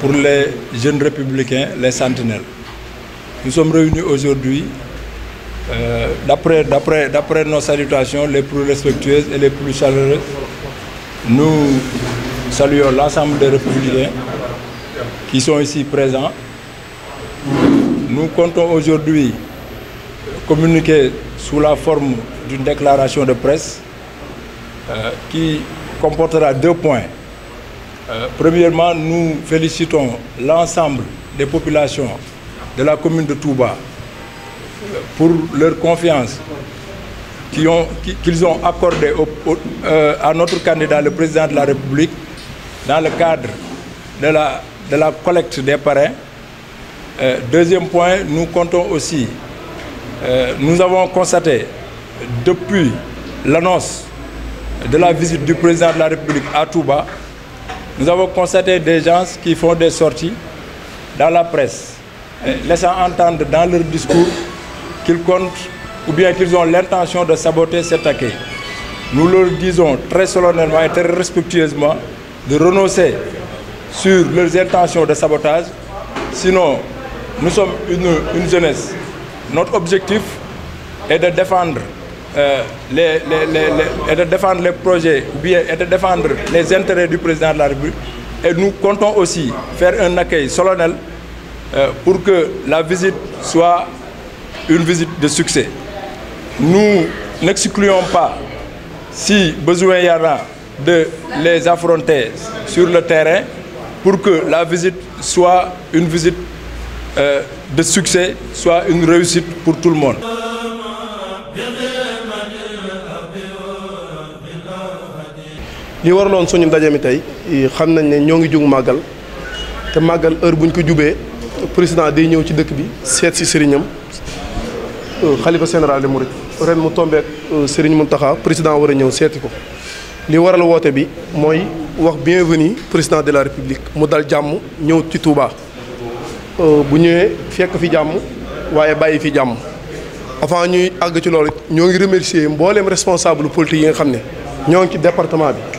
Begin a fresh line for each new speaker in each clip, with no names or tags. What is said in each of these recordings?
Pour les jeunes républicains, les sentinelles, nous sommes réunis aujourd'hui euh, d'après nos salutations les plus respectueuses et les plus chaleureuses. Nous saluons l'ensemble des républicains qui sont ici présents. Nous comptons aujourd'hui communiquer sous la forme d'une déclaration de presse euh, qui comportera deux points. Euh, premièrement, nous félicitons l'ensemble des populations de la commune de Touba euh. pour leur confiance qu'ils ont, accordée à notre candidat, le président de la République, dans le cadre de la, collecte des parrains. deuxième point, nous comptons aussi, nous avons constaté depuis l'annonce de la visite du président de la République à Touba, nous avons constaté des gens qui font des sorties dans la presse, eh, laissant entendre dans leur discours qu'ils comptent ou bien qu'ils ont l'intention de saboter cet accueil. Nous leur disons très solennellement et très respectueusement de renoncer sur leurs intentions de sabotage. Sinon, nous sommes une, une jeunesse. Notre objectif est de défendre euh, les, et de défendre les projets bien, et de défendre les intérêts du président de la République. Et nous comptons aussi faire un accueil solennel euh, pour que la visite soit une visite de succès. Nous n'excluons pas, si besoin y aura de les affronter sur le terrain pour que la visite soit une visite euh, de succès, soit une
réussite pour tout le monde. li waraloon suñu ndaje mi tey xam nañ ne ñoo ngi jug màggal te màggal heure buñ ko jubee président day ñëw ci dëkk bi seet si sëriñam euh, xalifa général de Mouride ren mu tombeek euh, sëriñ taxa président war a ñëw seeti ko li waral woote bi mooy wax bien veni président de la république mu dal jàmm ñëw ci Touba euh, bu ñëwee fekk fi jàmm waaye bàyyi fi jàmm avant ñuy àgg ci loolu ñoo ngi remercier mbooleem responsable politique yi nga xam ne ñoo ngi ci département bi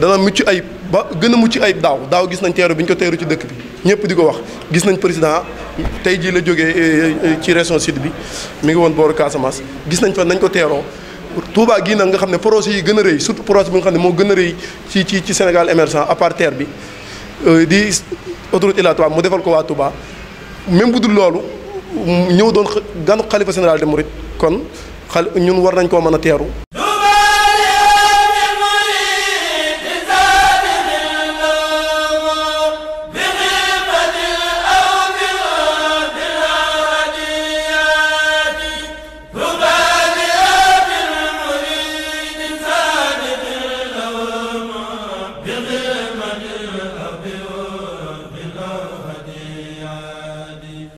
dana mucc ayib ba gën a mucc ayib daaw daaw gis nañ teeru bi ñu ko teeru ci dëkk bi ñëpp di ko wax gis nañ président tey jii la jógee eh, eh, eh, ci région sud bi mu ngi woon booru Casamance gis nañ fa nañ ko teeroo Touba gii nag nga xam ne projet yi gën a rëy surtout projet bi nga xam ne moo gën a rëy ci ci ci Sénégal émergent à part terre bi euh, di autoroute Ila Touba mu defal ko waa Touba même bu dul loolu ñëw doon ganu xalifa général de Mouride kon xal ñun war nañ koo mën a teeru